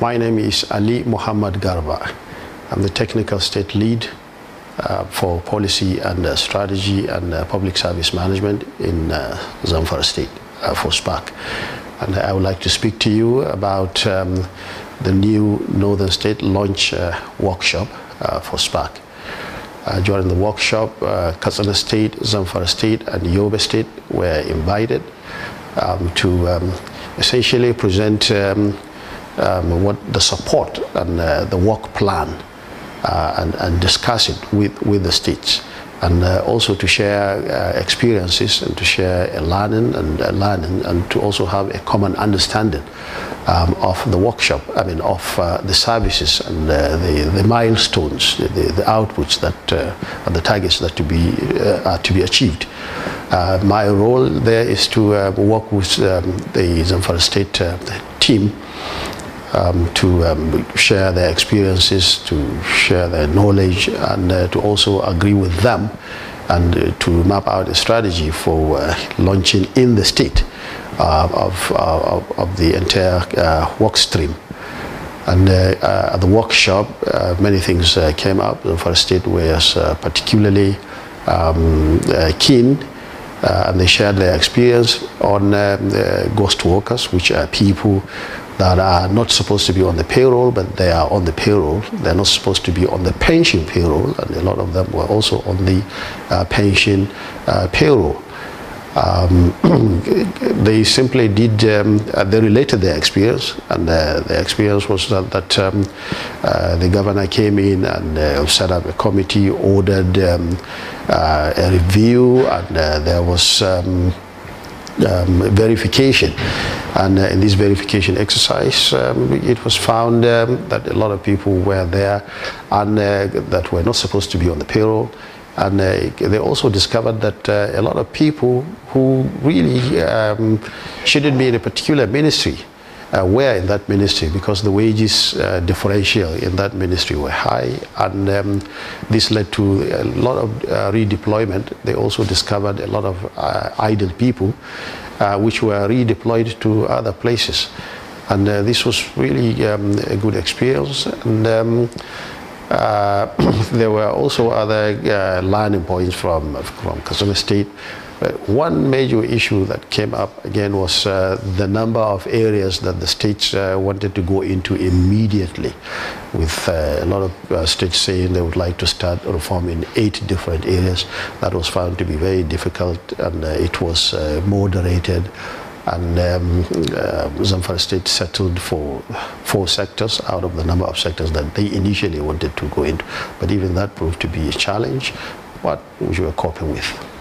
My name is Ali Muhammad Garba. I'm the Technical State Lead uh, for Policy and uh, Strategy and uh, Public Service Management in uh, Zamfara State uh, for SPARC. And I would like to speak to you about um, the new Northern State Launch uh, Workshop for SPARC. during the workshop, Katsina State, Zamfara State, and Yobe State were invited um, to um, essentially present um, um, what the support and uh, the work plan uh, and, and, discuss it with, with the states and uh, also to share uh, experiences and to share learning and uh, learning and to also have a common understanding um, of the workshop, I mean of uh, the services and the, the milestones, the, the outputs that and the targets that to be, are to be achieved. my role there is to work with um, the Zamfara State team um, to um, share their experiences, to share their knowledge, and uh, to also agree with them and uh, to map out a strategy for uh, launching in the state uh, of, uh, of, of, the entire uh, work stream. And at the workshop, many things came up. The first state was particularly um, keen uh, and they shared their experience on um, uh, ghost workers, which are people that are not supposed to be on the payroll, but they are on the payroll. They're not supposed to be on the pension payroll, and a lot of them were also on the uh, pension uh, payroll. Um, they simply did, um, uh, they related their experience, and uh, the experience was that, that um, uh, the governor came in and uh, set up a committee, ordered um, uh, a review, and uh, there was um, um, verification. And uh, in this verification exercise, um, it was found um, that a lot of people were there and uh, that were not supposed to be on the payroll. And uh, they also discovered that uh, a lot of people who really um, shouldn't be in a particular ministry uh, were in that ministry because the wages uh, differential in that ministry were high and um, this led to a lot of uh, redeployment. They also discovered a lot of uh, idle people uh, which were redeployed to other places and uh, this was really um, a good experience and um, uh, there were also other uh, learning points from, from Kazumi State. But one major issue that came up again was uh, the number of areas that the states uh, wanted to go into immediately, with uh, a lot of uh, states saying they would like to start reform in eight different areas. That was found to be very difficult and it was moderated and um, uh, Zamfara State settled for four sectors out of the number of sectors that they initially wanted to go into. But even that proved to be a challenge, but which we were coping with.